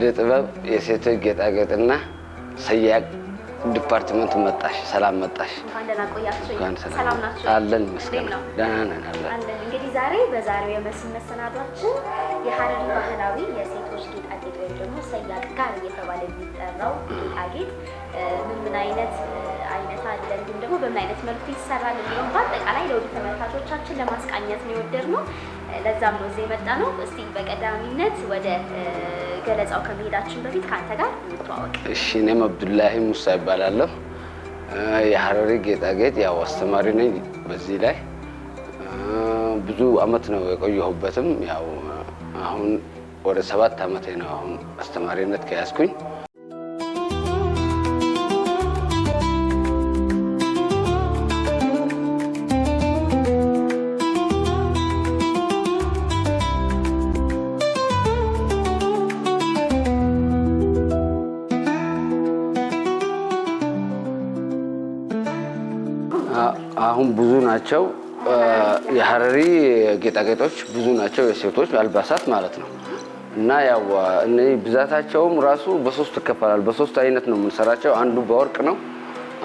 በእደ ጥበብ የሴቶች ጌጣጌጥና ሰያቅ ዲፓርትመንት መጣሽ፣ ሰላም መጣሽ። አለን ይመስገን፣ ደህና ነን አለን። እንግዲህ ዛሬ በዛሬው የመስህብ መሰናዷችን የሀረሪ ባህላዊ የሴቶች ጌጣጌጥ ወይም ደግሞ ሰያቅ ጋር እየተባለ የሚጠራው ጌጣጌጥ ምን ምን አይነት አይነት አለ፣ እንዲሁም ደግሞ በምን አይነት መልኩ ይሰራል የሚለውን በአጠቃላይ ለውድ ተመልካቾቻችን ለማስቃኘት ነው የወደድነው። ለዛም ነው እዚህ የመጣ ነው። እስቲ በቀዳሚነት ወደ ገለጻው ከመሄዳችን በፊት ከአንተ ጋር እንተዋወቅ። እሺ፣ እኔም አብዱላሂ ሙሳ ይባላለሁ። የሀረሪ ጌጣጌጥ ያው አስተማሪ ነኝ። በዚህ ላይ ብዙ አመት ነው የቆየሁበትም። ያው አሁን ወደ ሰባት አመቴ ነው አሁን አስተማሪነት ከያዝኩኝ አሁን ብዙ ናቸው። የሀረሪ ጌጣጌጦች ብዙ ናቸው፣ የሴቶች አልባሳት ማለት ነው። እና ያው እነዚህ ብዛታቸውም ራሱ በሶስት ይከፈላል። በሶስት አይነት ነው የምንሰራቸው። አንዱ በወርቅ ነው፣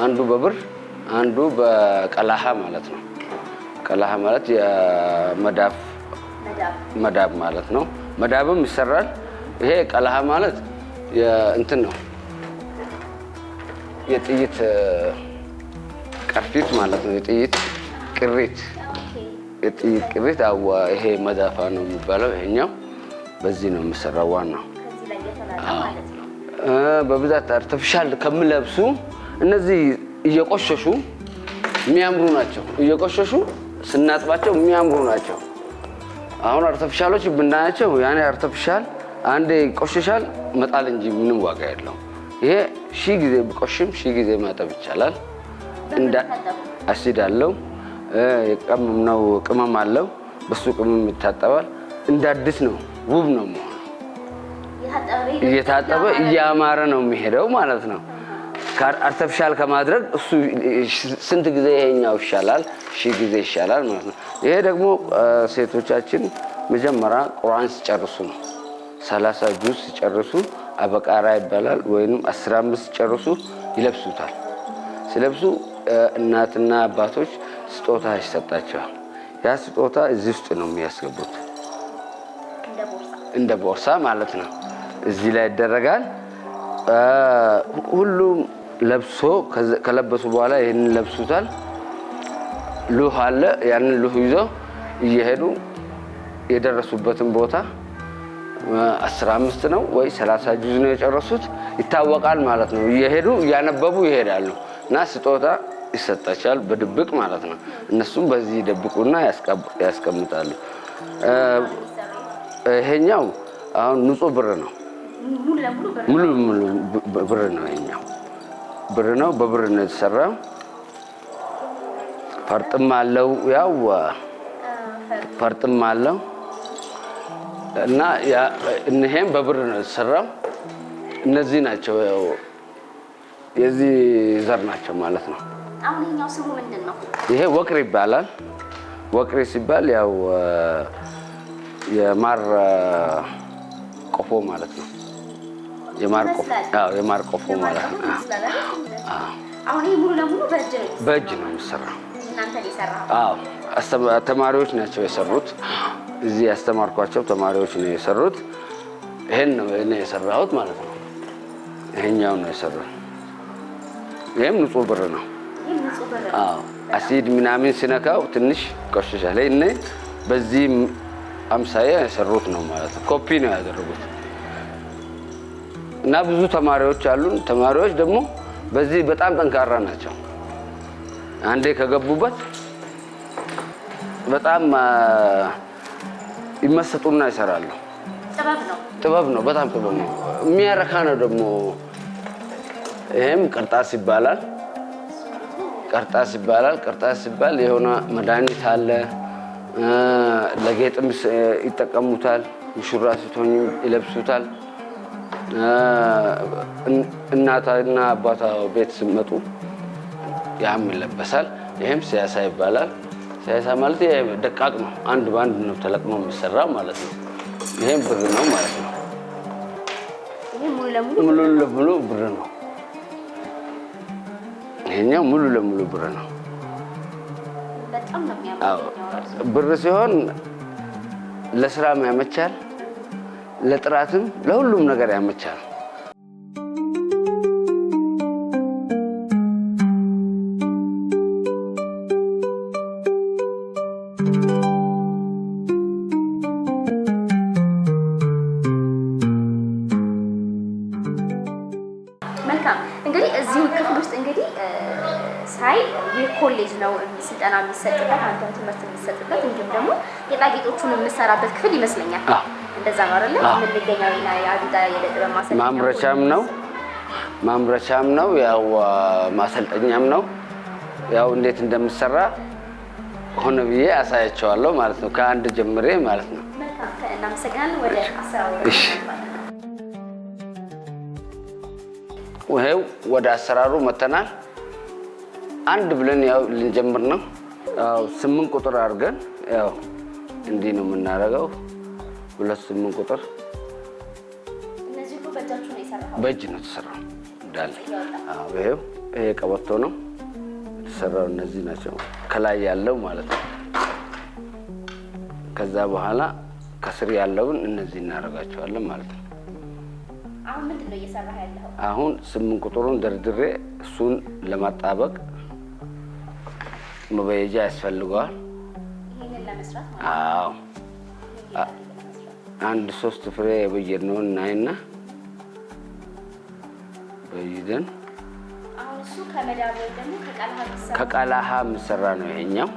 አንዱ በብር፣ አንዱ በቀላሃ ማለት ነው። ቀላሃ ማለት የመዳብ መዳብ ማለት ነው። መዳብም ይሰራል። ይሄ ቀላሃ ማለት እንትን ነው የጥይት ቀፊት ማለት ነው። የጥይት ቅሪት የጥይት ቅሪት አዋ ይሄ መዳፋ ነው የሚባለው። ይሄኛው በዚህ ነው የሚሰራው። ዋናው በብዛት አርቲፊሻል ከምለብሱ እነዚህ እየቆሸሹ የሚያምሩ ናቸው። እየቆሸሹ ስናጥባቸው የሚያምሩ ናቸው። አሁን አርቲፊሻሎች ብናያቸው ያኔ አርቲፊሻል አንዴ ይቆሸሻል መጣል እንጂ ምንም ዋጋ የለው ይሄ ሺህ ጊዜ ብቆሽም ሺህ ጊዜ ማጠብ ይቻላል። አሲድ አለው፣ የቀመምነው ቅመም አለው። በሱ ቅመም ይታጠባል። እንደ አዲስ ነው፣ ውብ ነው። እየታጠበ እያማረ ነው የሚሄደው ማለት ነው። አርተፊሻል ከማድረግ እሱ ስንት ጊዜ ይሄኛው ይሻላል፣ ሺ ጊዜ ይሻላል ማለት ነው። ይሄ ደግሞ ሴቶቻችን መጀመሪያ ቁርአን ሲጨርሱ ነው። ሰላሳ ጁዝ ሲጨርሱ አበቃራ ይባላል ወይም አስራ አምስት ሲጨርሱ ይለብሱታል። ሲለብሱ እናትና አባቶች ስጦታ ይሰጣቸዋል። ያ ስጦታ እዚህ ውስጥ ነው የሚያስገቡት፣ እንደ ቦርሳ ማለት ነው። እዚህ ላይ ይደረጋል። ሁሉም ለብሶ ከለበሱ በኋላ ይህንን ለብሱታል። ሉህ አለ። ያንን ሉህ ይዞ እየሄዱ የደረሱበትን ቦታ አስራ አምስት ነው ወይ ሰላሳ ጁዝ ነው የጨረሱት ይታወቃል ማለት ነው። እየሄዱ እያነበቡ ይሄዳሉ እና ስጦታ ይሰጣቸዋል፣ በድብቅ ማለት ነው። እነሱም በዚህ ይደብቁና ያስቀምጣሉ። ይሄኛው አሁን ንጹህ ብር ነው፣ ሙሉ ሙሉ ብር ነው። ይሄኛው ብር ነው፣ በብር ነው የተሰራ። ፈርጥም አለው፣ ያው ፈርጥም አለው እና ይሄም በብር ነው የተሰራው። እነዚህ ናቸው የዚህ ዘር ናቸው ማለት ነው። አሁን ይኸኛው ስሙ ምንድን ነው? ይሄ ወቅር ይባላል። ወቅሪ ሲባል ያው የማር ቆፎ ማለት ነው። የማር ቆፎ አዎ፣ የማር ቆፎ ማለት ነው። አሁን ይሄ ሙሉ ለሙሉ በእጅ ነው በእጅ ነው የሚሰራው። ተማሪዎች ናቸው የሰሩት። እዚህ ያስተማርኳቸው ተማሪዎች ነው የሰሩት። ይሄን ነው እኔ የሰራሁት ማለት ነው። ይሄኛው ነው የሰራው። ይሄም ንጹህ ብር ነው። አሲድ ምናምን ሲነካው ትንሽ ቆሽሻል። እኔ በዚህ አምሳያ የሰሩት ነው ማለት ነው። ኮፒ ነው ያደረጉት እና ብዙ ተማሪዎች አሉን። ተማሪዎች ደግሞ በዚህ በጣም ጠንካራ ናቸው። አንዴ ከገቡበት በጣም ይመሰጡና ይሰራሉ። ጥበብ ነው፣ በጣም ጥበብ ነው። የሚያረካ ነው ደግሞ ይህም ቅርጣስ ይባላል። ቅርጣስ ይባላል። ቅርጣስ ሲባል የሆነ መድኃኒት አለ። ለጌጥም ይጠቀሙታል። ሙሽራ ስትሆኝ ይለብሱታል። እናቷና አባቷ ቤት ስመጡ ያም ይለበሳል። ይህም ሲያሳ ይባላል። ሲያሳ ማለት ደቃቅ ነው። አንድ በአንድ ነው ተለቅመው የሚሰራ ማለት ነው። ይህም ብር ነው ማለት ነው። ሙሉ ለሙሉ ብር ነው። ይሄኛው ሙሉ ለሙሉ ብር ነው። ብር ሲሆን ለስራም ያመቻል፣ ለጥራትም ለሁሉም ነገር ያመቻል። ውስጥ እንግዲህ ሳይ የኮሌጅ ነው ስልጠና የሚሰጥበት፣ አንተም ትምህርት የሚሰጥበት እንዲሁም ደግሞ ጌጣጌጦቹን የምሰራበት ክፍል ይመስለኛል። እንደዛ ነው አይደለ? የምንገኘው የአዲዳ የለጥበ ማሰልጠኛ ማምረቻም ነው ማምረቻም ነው ያው ማሰልጠኛም ነው። ያው እንዴት እንደምሰራ ሆነ ብዬ አሳያቸዋለሁ ማለት ነው፣ ከአንድ ጀምሬ ማለት ነው። እናመሰግናለን። ወደ አስራ ይሄው ወደ አሰራሩ መተናል። አንድ ብለን ያው ልንጀምር ነው። ያው ስምንት ቁጥር አድርገን ያው እንዲህ ነው የምናደርገው። ሁለት ስምንት ቁጥር በእጅ ነው የተሰራው እንዳለ። ይሄው ይሄ ቀበቶ ነው የተሰራው። እነዚህ ናቸው ከላይ ያለው ማለት ነው። ከዛ በኋላ ከስር ያለውን እነዚህ እናደርጋቸዋለን ማለት ነው። አሁን ስምንት ቁጥሩን ደርድሬ እሱን ለማጣበቅ መበየጃ ያስፈልገዋል። ይህንን አዎ አንድ ሶስት ፍሬ የበየድ ነውን እናይና በይደን ከቃላሃ የሚሰራ ነው ይሄኛው።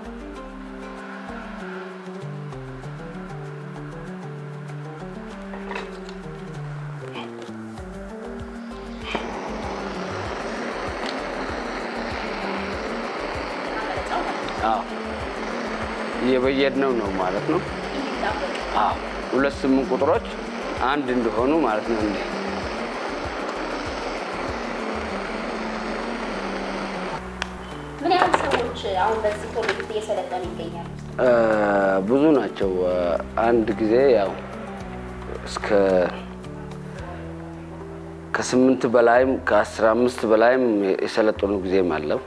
እየሄድነው ነው ማለት ነው። ሁለት ስምንት ቁጥሮች አንድ እንደሆኑ ማለት ነው። እንዴ ምን ያህል ሰዎች አሁን በዚህ ፕሮጀክት እየሰለጠኑ ይገኛሉ? ብዙ ናቸው። አንድ ጊዜ ያው እስከ ከስምንት በላይም ከአስራ አምስት በላይም የሰለጠኑ ጊዜም አለው።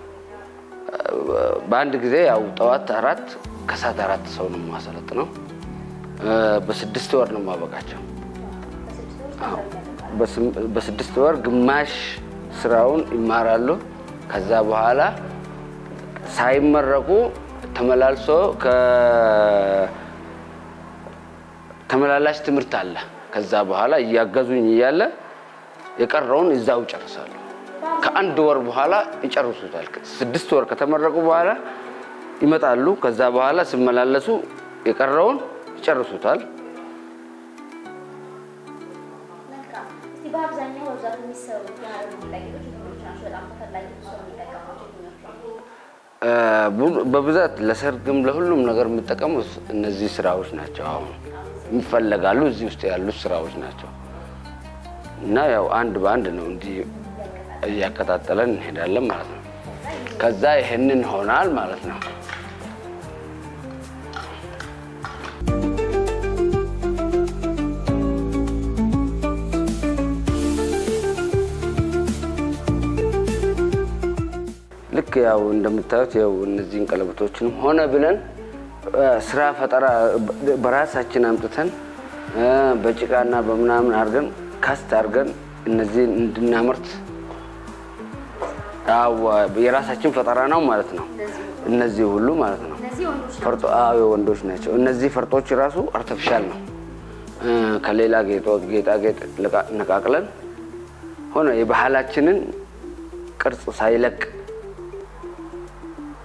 በአንድ ጊዜ ያው ጠዋት አራት ከሰዓት አራት ሰው ነው ማሰለጥ ነው። በስድስት ወር ነው ማበቃቸው። በስድስት ወር ግማሽ ስራውን ይማራሉ። ከዛ በኋላ ሳይመረቁ ተመላልሶ ተመላላሽ ትምህርት አለ። ከዛ በኋላ እያገዙኝ እያለ የቀረውን እዛው ጨርሳሉ። ከአንድ ወር በኋላ ይጨርሱታል። ስድስት ወር ከተመረቁ በኋላ ይመጣሉ። ከዛ በኋላ ሲመላለሱ የቀረውን ይጨርሱታል። በብዛት ለሰርግም ለሁሉም ነገር የምጠቀሙት እነዚህ ስራዎች ናቸው። አሁን ይፈለጋሉ እዚህ ውስጥ ያሉት ስራዎች ናቸው እና ያው አንድ በአንድ ነው እንዲህ እያቀጣጠለን እንሄዳለን ማለት ነው። ከዛ ይህንን ሆናል ማለት ነው። ልክ ያው እንደምታዩት ያው እነዚህን ቀለበቶችንም ሆነ ብለን ስራ ፈጠራ በራሳችን አምጥተን በጭቃና በምናምን አድርገን ካስት አድርገን እነዚህን እንድናመርት የራሳችን ፈጠራ ነው ማለት ነው። እነዚህ ሁሉ ማለት ነው ፈርጦ ወንዶች ናቸው። እነዚህ ፈርጦች ራሱ አርተፊሻል ነው። ከሌላ ጌጣጌጥ ነቃቅለን ሆነ የባህላችንን ቅርጽ ሳይለቅ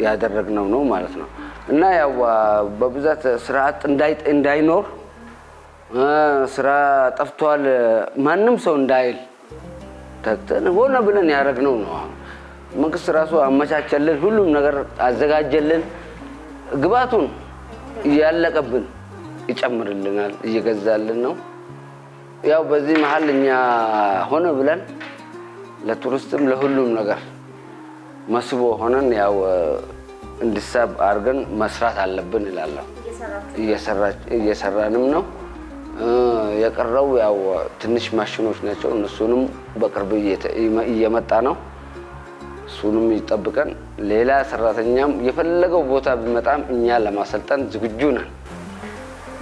ያደረግነው ነው ማለት ነው። እና ያው በብዛት ስራ አጥ እንዳይኖር ስራ ጠፍቷል ማንም ሰው እንዳይል ተክተን ሆነ ብለን ያደረግነው ነው። መንግስት ራሱ አመቻቸልን፣ ሁሉም ነገር አዘጋጀልን። ግባቱን እያለቀብን ይጨምርልናል፣ እየገዛልን ነው። ያው በዚህ መሀል እኛ ሆነ ብለን ለቱሪስትም ለሁሉም ነገር መስቦ ሆነን ያው እንዲሳብ አድርገን መስራት አለብን እላለሁ። እየሰራንም ነው። የቀረው ያው ትንሽ ማሽኖች ናቸው። እነሱንም በቅርብ እየመጣ ነው። እሱንም ይጠብቀን። ሌላ ሰራተኛም የፈለገው ቦታ ቢመጣም እኛ ለማሰልጠን ዝግጁ ነን።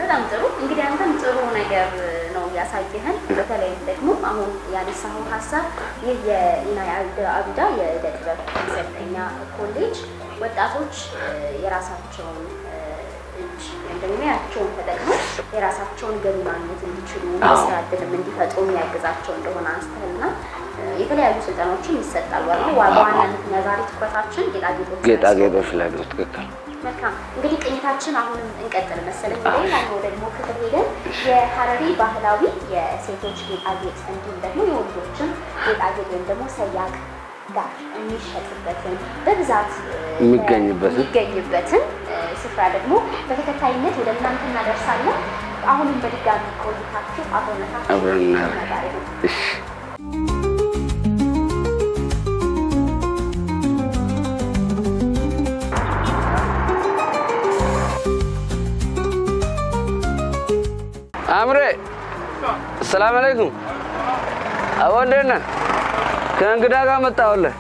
በጣም ጥሩ እንግዲህ አንተም ጥሩ ነገር ነው ያሳየህን። በተለይ ደግሞ አሁን ያነሳኸው ሀሳብ ይህ የኢናያድ አቢዳ የዕደ ጥበብ ማሰልጠኛ ኮሌጅ ወጣቶች የራሳቸውን እጅ ወይም ያቸውን ተጠቅመው የራሳቸውን ገቢ ማግኘት እንዲችሉ ስራ እድልም እንዲፈጥሩ የሚያግዛቸው እንደሆነ አንስተህልና የተለያዩ ስልጠናዎችም ይሰጣሉ አይደል? በዋናነት ዛሬ ትኩረታችን ጌጣጌጦች ጌጣጌጦች ላይ ነው። ትክክል። መልካም እንግዲህ ቅኝታችን አሁንም እንቀጥል መሰለኝ። ሌላኛው ደግሞ ክፍል ሄደን የሀረሪ ባህላዊ የሴቶች ጌጣጌጥ እንዲሁም ደግሞ የወንዶችን ጌጣጌጥ ወይም ደግሞ ሰያቅ ጋር የሚሸጥበትን በብዛት የሚገኝበትን ስፍራ ደግሞ በተከታይነት ወደ እናንተ እናደርሳለን። አሁንም በድጋሚ ቆይታችሁ አብሮነታችሁ ጋር አሰላም አለይኩም አቦ እንዴት ከእንግዳ ጋር መጣሁልህ።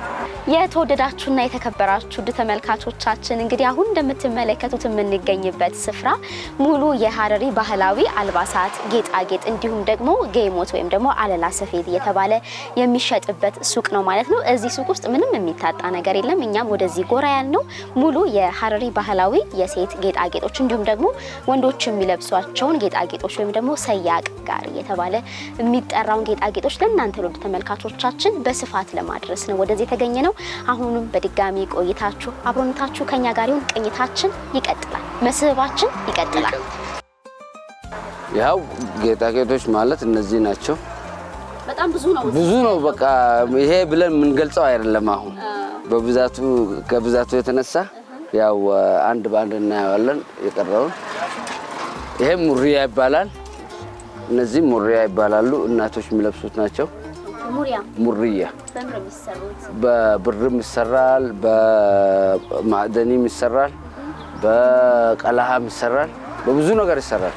የተወደዳችሁና የተከበራችሁ ውድ ተመልካቾቻችን እንግዲህ አሁን እንደምትመለከቱት የምንገኝበት ስፍራ ሙሉ የሀረሪ ባህላዊ አልባሳት፣ ጌጣጌጥ እንዲሁም ደግሞ ጌሞት ወይም ደግሞ አለላ ሰፌድ እየተባለ የሚሸጥበት ሱቅ ነው ማለት ነው። እዚህ ሱቅ ውስጥ ምንም የሚታጣ ነገር የለም። እኛም ወደዚህ ጎራ ያልነው ሙሉ የሀረሪ ባህላዊ የሴት ጌጣጌጦች እንዲሁም ደግሞ ወንዶች የሚለብሷቸውን ጌጣጌጦች ወይም ደግሞ ሰያቅ ጋር እየተባለ የሚጠራውን ጌጣጌጦች ለእናንተ ለውድ ተመልካቾቻችን በስፋት ለማድረስ ነው ወደዚህ የተገኘ ነው። አሁንም በድጋሚ ቆይታችሁ አብሮነታችሁ ከኛ ጋር ይሁን። ቅኝታችን ይቀጥላል፣ መስህባችን ይቀጥላል። ያው ጌጣጌጦች ማለት እነዚህ ናቸው። በጣም ብዙ ነው፣ ብዙ ነው። በቃ ይሄ ብለን የምንገልጸው አይደለም። አሁን በብዛቱ ከብዛቱ የተነሳ ያው አንድ በአንድ እናየዋለን የቀረውን። ይሄ ሙሪያ ይባላል። እነዚህ ሙሪያ ይባላሉ። እናቶች የሚለብሱት ናቸው። ሙሪያ በብርም ይሰራል፣ በማዕደኒም ይሰራል፣ በቀለሃም ይሰራል፣ በብዙ ነገር ይሰራል።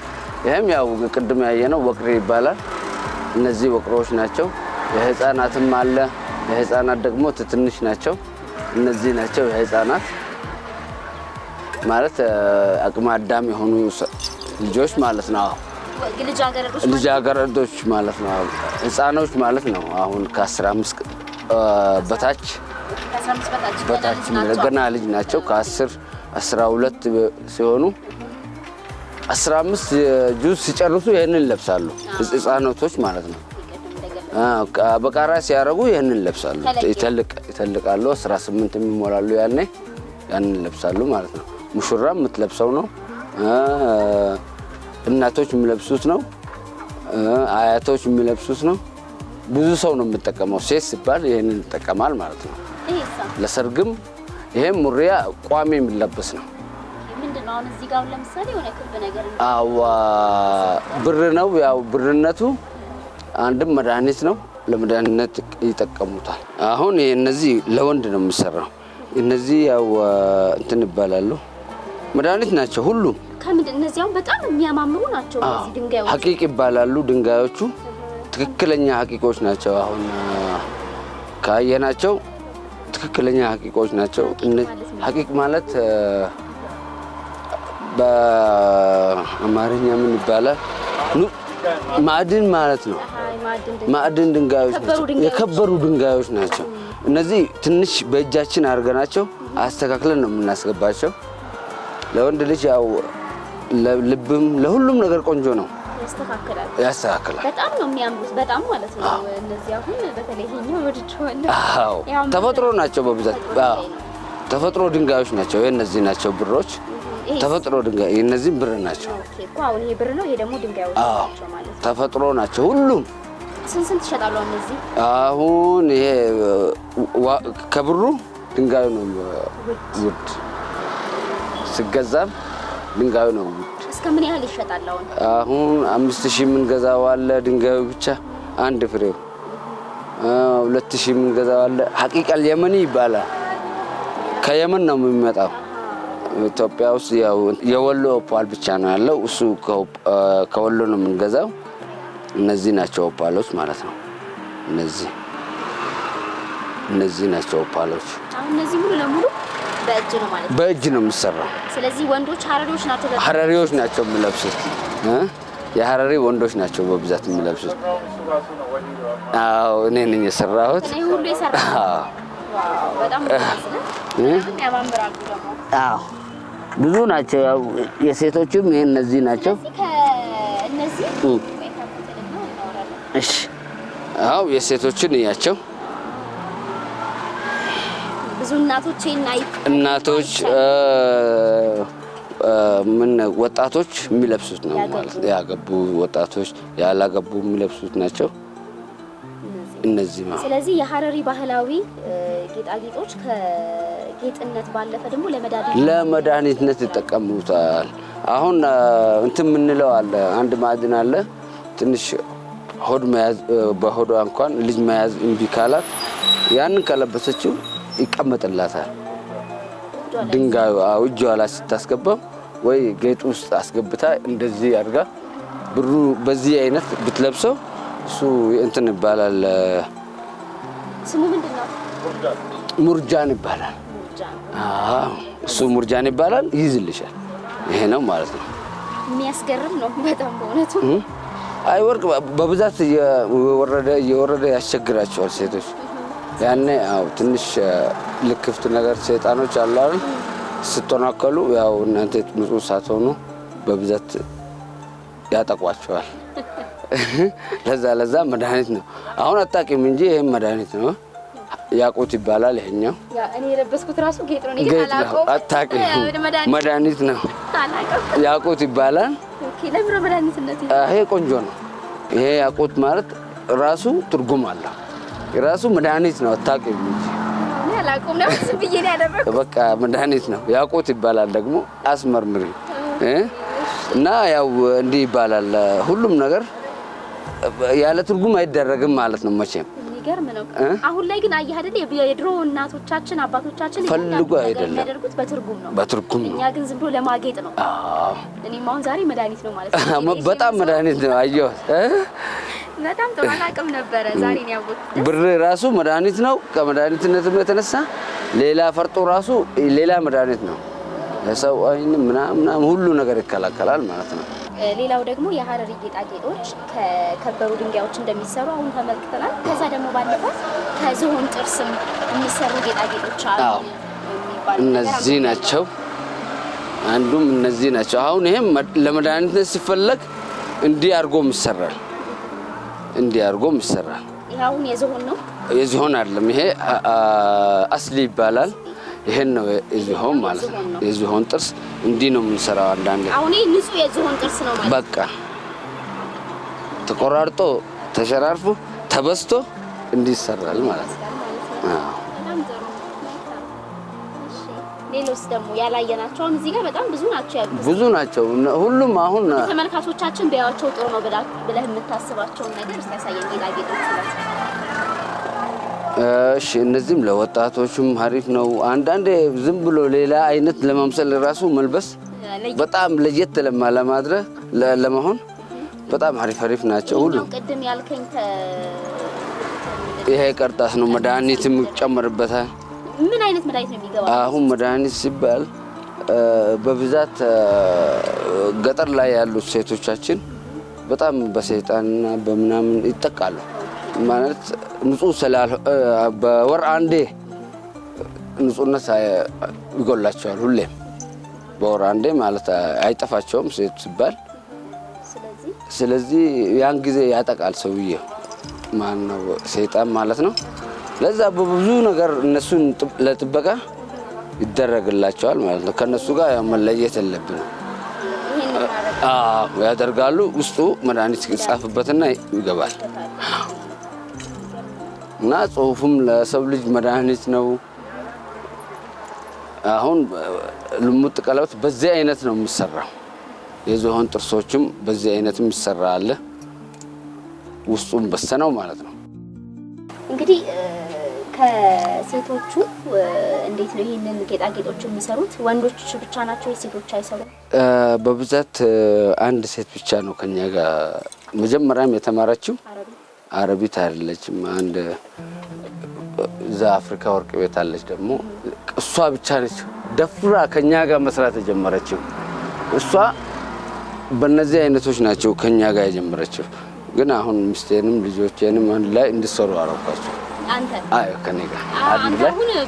ይህም ያው ቅድም ያየነው ወቅሪ ይባላል። እነዚህ ወቅሮዎች ናቸው። የህፃናትም አለ። የህፃናት ደግሞ ትንሽ ናቸው። እነዚህ ናቸው የህፃናት ማለት አቅመ አዳም የሆኑ ልጆች ማለት ነው። ልጃገረዶች ማለት ነው። ህፃኖች ማለት ነው። አሁን ከ15 በታች በታች ገና ልጅ ናቸው። ከ10 12 ሲሆኑ 15 ጁስ ሲጨርሱ ይህንን ይለብሳሉ። ህፃኖቶች ማለት ነው። በቃራ ሲያደርጉ ይህንን ይለብሳሉ። ይተልቃሉ። 18 የሚሞላሉ ያኔ ያንን ይለብሳሉ ማለት ነው። ሙሹራ የምትለብሰው ነው። እናቶች የሚለብሱት ነው። አያቶች የሚለብሱት ነው። ብዙ ሰው ነው የምጠቀመው። ሴት ሲባል ይህንን ይጠቀማል ማለት ነው። ለሰርግም ይሄም ሙሪያ ቋሚ የሚለበስ ነው። አዋ ብር ነው። ያው ብርነቱ አንድም መድኃኒት ነው። ለመድኃኒትነት ይጠቀሙታል። አሁን እነዚህ ለወንድ ነው የሚሰራው። እነዚህ ያው እንትን ይባላሉ፣ መድኃኒት ናቸው ሁሉም ከምንድን በጣም የሚያማምሩ ናቸው። እነዚህ ድንጋዮች ይባላሉ። ድንጋዮቹ ትክክለኛ ሐቂቆች ናቸው። አሁን ካየናቸው ትክክለኛ ሐቂቆች ናቸው። ሐቂቅ ማለት በአማርኛ ምን ይባላል? ማዕድን ማለት ነው። ማዕድን ድንጋዮች የከበሩ ድንጋዮች ናቸው። እነዚህ ትንሽ በእጃችን አድርገናቸው አስተካክለን ነው የምናስገባቸው ለወንድ ልጅ ያው ለልብም ለሁሉም ነገር ቆንጆ ነው። ያስተካክላል ያስተካክላል። በጣም ነው የሚያምሩት፣ በጣም ማለት ነው። እነዚህ አሁን በተለይ ይሄኛው ወድጄዋለሁ። ተፈጥሮ ናቸው በብዛት ተፈጥሮ ድንጋዮች ናቸው። የእነዚህ ናቸው ብሮች፣ ተፈጥሮ ድንጋይ የእነዚህ ብር ናቸው። አሁን ይሄ ብር ነው፣ ይሄ ደግሞ ድንጋዮች ናቸው ማለት ነው። ተፈጥሮ ናቸው ሁሉም። ስንት ስንት ይሸጣሉ እነዚህ? አሁን ይሄ ከብሩ ድንጋዩ ነው ውድ ስገዛም ድንጋዩ ነው። እስከ ምን ያህል ይሸጣል? አሁን አሁን አምስት ሺህ የምንገዛው አለ ድንጋዩ ብቻ አንድ ፍሬው ሁለት ሺህ የምንገዛው አለ። ሀቂቃል የምን ይባላል። ከየመን ነው የሚመጣው። ኢትዮጵያ ውስጥ የወሎ ኦፓል ብቻ ነው ያለው። እሱ ከወሎ ነው የምንገዛው። እነዚህ ናቸው ኦፓሎች ማለት ነው። እነዚህ እነዚህ ናቸው ኦፓሎች። እነዚህ ሙሉ ለሙሉ በእጅ ነው ማለት ነው። በእጅ ነው የሚሰራው። ስለዚህ ወንዶች ሀረሪዎች ናቸው። ሀረሪዎች ናቸው የምለብሱት። የሀረሪ ወንዶች ናቸው በብዛት የምለብሱት አዎ እኔ ነኝ የሰራሁት። አዎ ብዙ ናቸው። ያው የሴቶችም ይሄ እነዚህ ናቸው። እሺ አዎ የሴቶችን እያቸው ብዙ እናቶች ናይ እናቶች ምን ወጣቶች የሚለብሱት ነው ማለት ያገቡ ወጣቶች ያላገቡ የሚለብሱት ናቸው እነዚህ ስለዚህ የሀረሪ ባህላዊ ጌጣጌጦች ከጌጥነት ባለፈ ደግሞ ለመድኃኒትነት ይጠቀሙታል። አሁን እንትን የምንለው አለ፣ አንድ ማዕድን አለ ትንሽ ሆድ መያዝ በሆዷ እንኳን ልጅ መያዝ እምቢ ካላት ያንን ከለበሰችው ይቀመጥላታል። ድንጋዩ እጇ ላይ ስታስገባም ወይ ጌጥ ውስጥ አስገብታ እንደዚህ አድርጋ ብሩ በዚህ አይነት ብትለብሰው እሱ እንትን ይባላል። ስሙ ምንድን ነው? ሙርጃን ይባላል። እሱ ሙርጃን ይባላል። ይይዝልሻል። ይሄ ነው ማለት ነው። የሚያስገርም ነው በጣም በእውነቱ። አይ ወርቅ በብዛት እየወረደ እየወረደ ያስቸግራቸዋል ሴቶች ያኔ ያው ትንሽ ልክፍት ነገር ሰይጣኖች አላሉ ስትናከሉ ያው እናንተ ንጹህ ሳትሆኑ በብዛት ያጠቋቸዋል። ለዛ ለዛ መድኃኒት ነው። አሁን አታውቂም እንጂ ይህም መድኃኒት ነው። ያቁት ይባላል። ይሄኛው ጌጥ ነው። መድኃኒት ነው። ያቁት ይባላል። ይሄ ቆንጆ ነው። ይሄ ያቁት ማለት ራሱ ትርጉም አለው። ራሱ መድኃኒት ነው። አታውቂም እንጂ በቃ መድኃኒት ነው። ያቆት ይባላል ደግሞ አስመርምሪ እና ያው እንዲህ ይባላል። ሁሉም ነገር ያለ ትርጉም አይደረግም ማለት ነው መቼም አሁን ላይ ግን አየህ የድሮ እናቶቻችን አባቶቻችን ፈልጎ አይደለም ያደርጉት በትርጉም ነው በትርጉም እኛ ግን ዝም ብሎ ለማጌጥ ነው። እኔም አሁን ዛሬ መድኃኒት ነው ማለት ነው። በጣም መድኃኒት ነው። አየሁ በጣም ጥሩ አላውቅም ነበረ። ዛሬ ነው ያወቅሁት። ብር ራሱ መድኃኒት ነው። ከመድኃኒትነትም የተነሳ ሌላ ፈርጦ ራሱ ሌላ መድኃኒት ነው። ለሰው አይን ምናምን ሁሉ ነገር ይከላከላል ማለት ነው። ሌላው ደግሞ የሀረሪ ጌጣጌጦች ከከበሩ ድንጋዮች እንደሚሰሩ አሁን ተመልክተናል። ከዛ ደግሞ ባለፈ ከዝሆን ጥርስም የሚሰሩ ጌጣጌጦች አሉ። እነዚህ ናቸው። አንዱም እነዚህ ናቸው። አሁን ይሄም ለመድኃኒትነት ሲፈለግ እንዲህ አድርጎም ይሰራል። እንዲያርጎም ይሰራል። አሁን የዝሆን ነው የዝሆን አይደለም። ይሄ አስሊ ይባላል። ይሄን ነው የዝሆን ማለት ነው። የዝሆን ጥርስ እንዲህ ነው የምንሰራው። አንዳንዴ አሁን ይሄ ንጹህ የዝሆን ጥርስ ነው ማለት በቃ ተቆራርጦ ተሸራርፎ ተበስቶ እንዲሰራል ማለት ነው። ሌሎች ደግሞ ያላየናቸው እዚህ ጋር በጣም ብዙ ናቸው ያሉት ብዙ ናቸው። ሁሉም አሁን ተመልካቾቻችን ቢያዩዋቸው ጥሩ ነው ብለህ የምታስባቸውን ነገር እስቲ ጌጣጌጦች። እሺ እነዚህም ለወጣቶችም አሪፍ ነው። አንዳንዴ ዝም ብሎ ሌላ አይነት ለመምሰል ራሱ መልበስ በጣም ለየት ለማ ለማድረግ ለመሆን በጣም ሀሪፍ ሀሪፍ ናቸው። ሁሉ ቅድም ያልከኝ ይሄ ቀርጣት ነው፣ መድኃኒትም ይጨመርበታል ምን አይነት መድኃኒት ነው የሚገባ? አሁን መድኃኒት ሲባል በብዛት ገጠር ላይ ያሉት ሴቶቻችን በጣም በሰይጣንና በምናምን ይጠቃሉ። ማለት ንጹህ በወር አንዴ ንጹህነት ይጎላቸዋል። ሁሌም በወር አንዴ ማለት አይጠፋቸውም ሴት ሲባል። ስለዚህ ያን ጊዜ ያጠቃል ሰውዬ ማነው ሰይጣን ማለት ነው። ለዛ በብዙ ነገር እነሱን ለጥበቃ ይደረግላቸዋል ማለት ነው። ከነሱ ጋር መለየት የለብንም። ያደርጋሉ ውስጡ መድኃኒት ይጻፍበትና ይገባል እና ጽሁፉም ለሰው ልጅ መድኃኒት ነው። አሁን ልሙጥ ቀለበት በዚህ አይነት ነው የሚሰራው። የዝሆን ጥርሶችም በዚህ አይነት የሚሰራ አለ። ውስጡም በሰነው ማለት ነው እንግዲህ ከሴቶቹ እንዴት ነው ይህንን ጌጣጌጦች የሚሰሩት? ወንዶች ብቻ ናቸው ሴቶች አይሰሩም? በብዛት አንድ ሴት ብቻ ነው ከኛ ጋር መጀመሪያም የተማረችው አረቢት አይደለችም። አንድ እዛ አፍሪካ ወርቅ ቤት አለች ደግሞ እሷ ብቻ ነች ደፍራ ከኛ ጋር መስራት የጀመረችው እሷ። በእነዚህ አይነቶች ናቸው ከኛ ጋር የጀመረችው። ግን አሁን ሚስቴንም ልጆቼንም አንድ ላይ እንዲሰሩ አረኳቸው።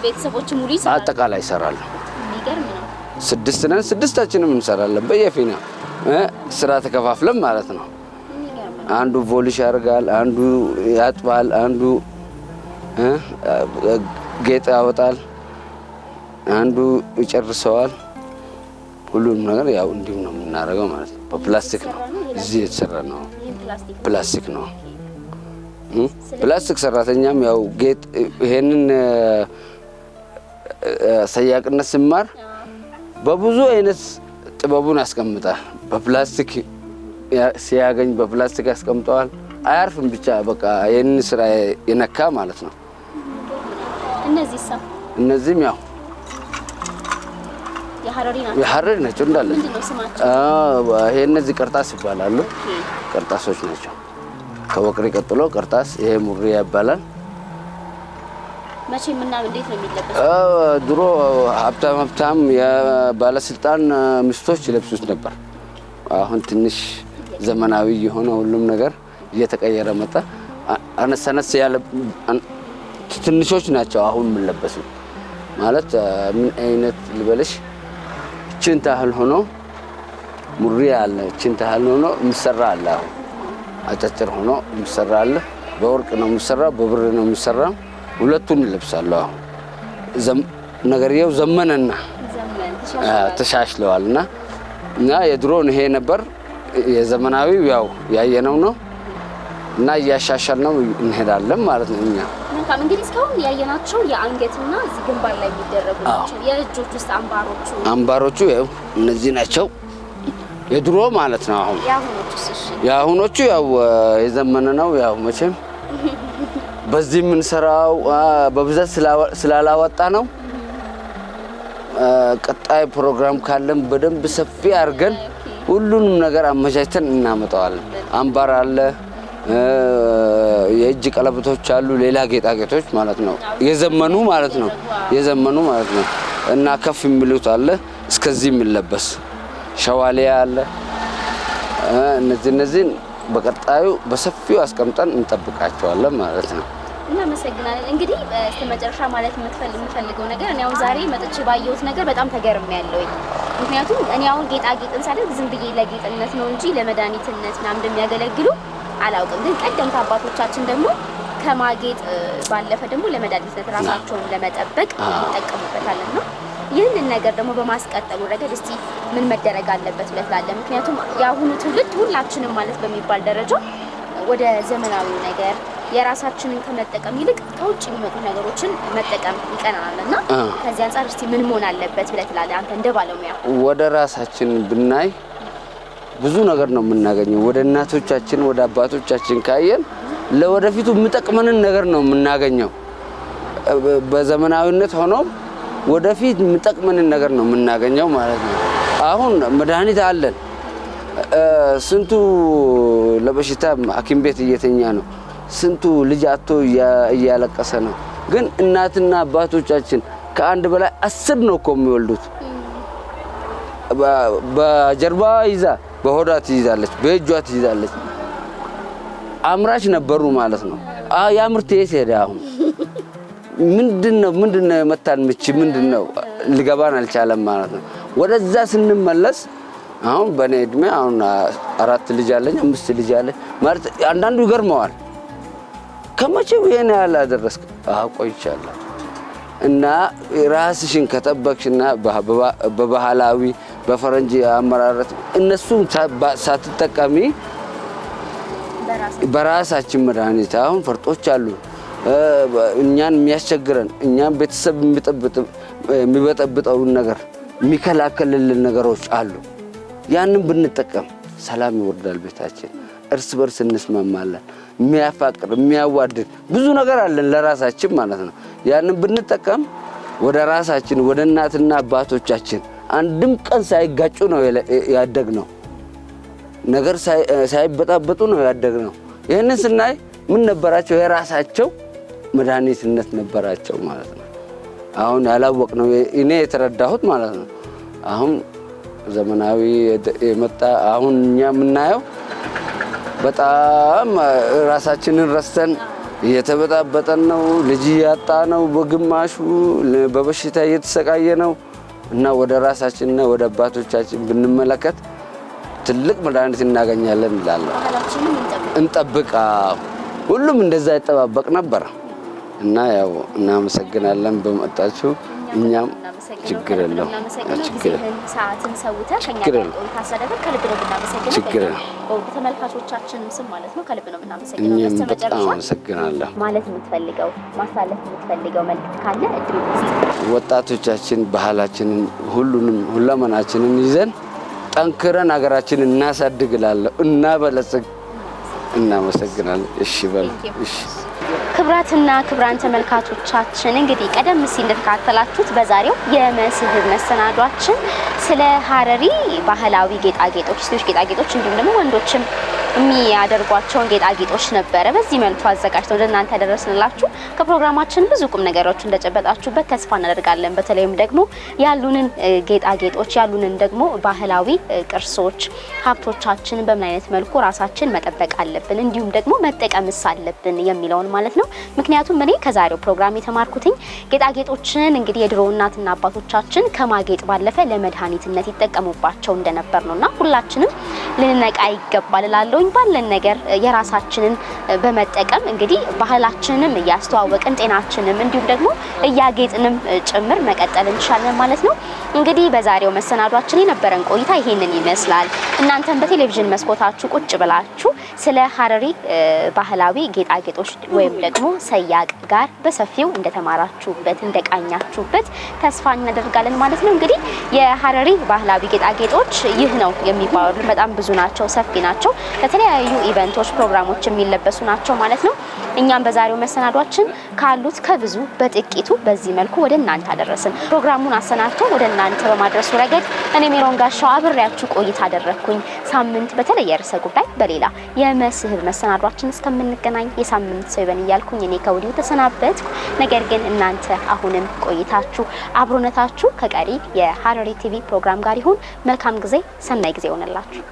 ቤተሰቦች ሙሉ አጠቃላይ ይሰራሉ። ስድስት ነን፣ ስድስታችንም እንሰራለን በየፊና ስራ ተከፋፍለን ማለት ነው። አንዱ ቮሊሽ ያደርጋል፣ አንዱ ያጥባል፣ አንዱ ጌጥ ያወጣል፣ አንዱ ይጨርሰዋል። ሁሉም ነገር ያው እንዲሁ ነው የምናደርገው ማለት ነው። በፕላስቲክ ነው እዚህ የተሰራ ነው፣ ፕላስቲክ ነው። ፕላስቲክ ሰራተኛም ያው ጌጥ ይሄንን ሰያቅነት ስማር በብዙ አይነት ጥበቡን ያስቀምጣል። በፕላስቲክ ሲያገኝ በፕላስቲክ ያስቀምጠዋል። አያርፍም ብቻ በቃ ይህንን ስራ የነካ ማለት ነው። እነዚህም ያው የሀረሪ ናቸው እንዳለ ይሄ እነዚህ ቅርጣስ ይባላሉ። ቅርጣሶች ናቸው። ከወቅሪ ቀጥሎ ቅርጣስ ይሄ ሙሪያ ይባላል። መቼ ምና እንዴት ነው የሚለበሰው? ድሮ ሀብታም ሀብታም የባለስልጣን ሚስቶች ይለብሱት ነበር። አሁን ትንሽ ዘመናዊ የሆነ ሁሉም ነገር እየተቀየረ መጣ። አነሰነስ ያለ ትንሾች ናቸው አሁን የምንለበሱ ማለት ምን አይነት ልበለሽ፣ እችን ታህል ሆኖ ሙሪያ አለ፣ እችን ታህል ሆኖ የሚሰራ አለ አሁን አጫጭር ሆኖ የሚሰራ አለ። በወርቅ ነው የሚሰራ፣ በብር ነው የሚሰራ። ሁለቱን ይለብሳለሁ። አሁን ነገርየው ዘመነና ተሻሽለዋል እና እና የድሮን ይሄ ነበር። የዘመናዊው ያው ያየነው ነው እና እያሻሻል ነው እንሄዳለን ማለት ነው። እኛ መልካም እንግዲህ እስካሁን ያየናቸው የአንገትና እዚህ ግንባር ላይ የሚደረጉ ናቸው። የእጆች ውስጥ አምባሮቹ አምባሮቹ ያው እነዚህ ናቸው። የድሮ ማለት ነው። አሁን የአሁኖቹ ያው የዘመነ ነው። ያው መቼም በዚህ የምንሰራው በብዛት ስላላወጣ ነው። ቀጣይ ፕሮግራም ካለን በደንብ ሰፊ አድርገን ሁሉንም ነገር አመቻችተን እናመጣዋለን። አምባር አለ፣ የእጅ ቀለበቶች አሉ፣ ሌላ ጌጣጌጦች ማለት ነው። የዘመኑ ማለት ነው። የዘመኑ ማለት ነው እና ከፍ የሚሉት አለ እስከዚህ የሚለበስ ሸዋሊያ አለ። እነዚህ እነዚህን በቀጣዩ በሰፊው አስቀምጠን እንጠብቃቸዋለን ማለት ነው። እናመሰግናለን። እንግዲህ እስከ መጨረሻ ማለት የምፈልገው ነገር እኔ አሁን ዛሬ መጥቼ ባየሁት ነገር በጣም ያለውኝ ምክንያቱም እኔ አሁን ጌጣጌጥን ሳደርግ ዝም ብዬ ለጌጥነት ነው እንጂ ለመድኃኒትነት ምናምን እንደሚያገለግሉ አላውቅም። ግን ቀደምት አባቶቻችን ደግሞ ከማጌጥ ባለፈ ደግሞ ለመድኃኒትነት ራሳቸውን ለመጠበቅ ይጠቀሙበታል ነው ይህንን ነገር ደግሞ በማስቀጠሉ ረገድ እስቲ ምን መደረግ አለበት ብለህ ትላለህ? ምክንያቱም የአሁኑ ትውልድ ሁላችንም ማለት በሚባል ደረጃ ወደ ዘመናዊ ነገር የራሳችንን ከመጠቀም ይልቅ ከውጭ የሚመጡ ነገሮችን መጠቀም ይቀናናል እና ከዚህ አንጻር እስቲ ምን መሆን አለበት ብለህ ትላለህ አንተ እንደ ባለሙያ? ወደ ራሳችን ብናይ ብዙ ነገር ነው የምናገኘው። ወደ እናቶቻችን ወደ አባቶቻችን ካየን ለወደፊቱ የምጠቅመንን ነገር ነው የምናገኘው በዘመናዊነት ሆኖም ወደፊት የሚጠቅመንን ነገር ነው የምናገኘው ማለት ነው። አሁን መድኃኒት አለን። ስንቱ ለበሽታ ሐኪም ቤት እየተኛ ነው። ስንቱ ልጅ አቶ እያለቀሰ ነው። ግን እናትና አባቶቻችን ከአንድ በላይ አስር ነው እኮ የሚወልዱት። በጀርባ ይዛ በሆዷ ትይዛለች፣ በእጇ ትይዛለች። አምራች ነበሩ ማለት ነው። ያ ምርት የት ሄደ አሁን? ምንድነው ምንድነው መታን ምች ምንድነው ልገባን አልቻለም ማለት ነው። ወደዛ ስንመለስ አሁን በእኔ እድሜ አሁን አራት ልጅ አለኝ አምስት ልጅ አለ ማለት አንዳንዱ ይገርመዋል። ከመቼው ይሄን ያህል አደረስክ? አዎ እና ራስሽን ከጠበቅሽና በባህላዊ በፈረንጅ አመራረት እነሱም ሳትጠቀሚ በራሳችን መድኃኒት አሁን ፈርጦች አሉ እኛን የሚያስቸግረን እኛን ቤተሰብ የሚበጠብጠውን ነገር የሚከላከልልን ነገሮች አሉ። ያንን ብንጠቀም ሰላም ይወርዳል። ቤታችን እርስ በርስ እንስማማለን። የሚያፋቅር የሚያዋድድ ብዙ ነገር አለን ለራሳችን ማለት ነው። ያንን ብንጠቀም ወደ ራሳችን ወደ እናትና አባቶቻችን አንድም ቀን ሳይጋጩ ነው ያደግነው፣ ነገር ሳይበጣበጡ ነው ያደግ ነው ይህንን ስናይ ምን ነበራቸው የራሳቸው መድኃኒትነት ነበራቸው ማለት ነው። አሁን ያላወቅ ነው እኔ የተረዳሁት ማለት ነው። አሁን ዘመናዊ የመጣ አሁን እኛ የምናየው በጣም ራሳችንን ረስተን እየተበጣበጠን ነው። ልጅ እያጣ ነው፣ በግማሹ በበሽታ እየተሰቃየ ነው እና ወደ ራሳችንና ወደ አባቶቻችን ብንመለከት ትልቅ መድኃኒት እናገኛለን እንላለን። እንጠብቃ ሁሉም እንደዛ ይጠባበቅ ነበር። እና ያው እናመሰግናለን በመጣችሁ። እኛም ችግር የለውም ተመልካቾቻችን ስም ማለት ነው ከልብ ነው የምናመሰግነው። በጣም አመሰግናለሁ። ማለት የምትፈልገው ማሳለፍ የምትፈልገው መልዕክት ካለ ወጣቶቻችን ባህላችንን ሁሉንም ሁለመናችንን ይዘን ጠንክረን ሀገራችንን እናሳድግላለሁ፣ እናበለጽግ። እናመሰግናለን። እሺ በል እሺ ክብራትና ክብራን ተመልካቾቻችን እንግዲህ ቀደም ሲል እንደተከታተላችሁት በዛሬው የመስህብ መሰናዷችን ስለ ሀረሪ ባህላዊ ጌጣጌጦች፣ ሴቶች ጌጣጌጦች እንዲሁም ደግሞ ወንዶችም የሚያደርጓቸውን ጌጣጌጦች ነበረ በዚህ መልኩ አዘጋጅተው ወደ እናንተ ያደረስንላችሁ። ከፕሮግራማችን ብዙ ቁም ነገሮች እንደጨበጣችሁበት ተስፋ እናደርጋለን። በተለይም ደግሞ ያሉንን ጌጣጌጦች ያሉንን ደግሞ ባህላዊ ቅርሶች ሀብቶቻችን በምን አይነት መልኩ ራሳችን መጠበቅ አለብን፣ እንዲሁም ደግሞ መጠቀምስ አለብን የሚለውን ማለት ነው። ምክንያቱም እኔ ከዛሬው ፕሮግራም የተማርኩትኝ ጌጣጌጦችን እንግዲህ የድሮ እናትና አባቶቻችን ከማጌጥ ባለፈ ለመድኃኒትነት ይጠቀሙባቸው እንደነበር እና ሁላችንም ልንነቃ ይገባል እላለሁ። አለሁኝ። ባለን ነገር የራሳችንን በመጠቀም እንግዲህ ባህላችንንም እያስተዋወቅን ጤናችንም እንዲሁም ደግሞ እያጌጥንም ጭምር መቀጠል እንችላለን ማለት ነው። እንግዲህ በዛሬው መሰናዷችን የነበረን ቆይታ ይሄንን ይመስላል። እናንተም በቴሌቪዥን መስኮታችሁ ቁጭ ብላችሁ ስለ ሀረሪ ባህላዊ ጌጣጌጦች ወይም ደግሞ ሰያቅ ጋር በሰፊው እንደተማራችሁበት እንደቃኛችሁበት ተስፋ እናደርጋለን ማለት ነው። እንግዲህ የሀረሪ ባህላዊ ጌጣጌጦች ይህ ነው የሚባሉ በጣም ብዙ ናቸው፣ ሰፊ ናቸው። ለተለያዩ ኢቨንቶች፣ ፕሮግራሞች የሚለበሱ ናቸው ማለት ነው። እኛም በዛሬው መሰናዷችን ካሉት ከብዙ በጥቂቱ በዚህ መልኩ ወደ እናንተ አደረስን። ፕሮግራሙን አሰናድቶ ወደ እናንተ በማድረሱ ረገድ እኔ ሜሮን ጋሻው አብሬያችሁ ቆይታ አደረግኩኝ። ሳምንት በተለየ ርዕሰ ጉዳይ በሌላ የመስህብ መሰናዷችን እስከምንገናኝ የሳምንት ሰው ይበን እያልኩኝ እኔ ከወዲሁ ተሰናበትኩ። ነገር ግን እናንተ አሁንም ቆይታችሁ አብሮነታችሁ ከቀሪ የሀረሪ ቲቪ ፕሮግራም ጋር ይሁን። መልካም ጊዜ፣ ሰናይ ጊዜ ይሆንላችሁ።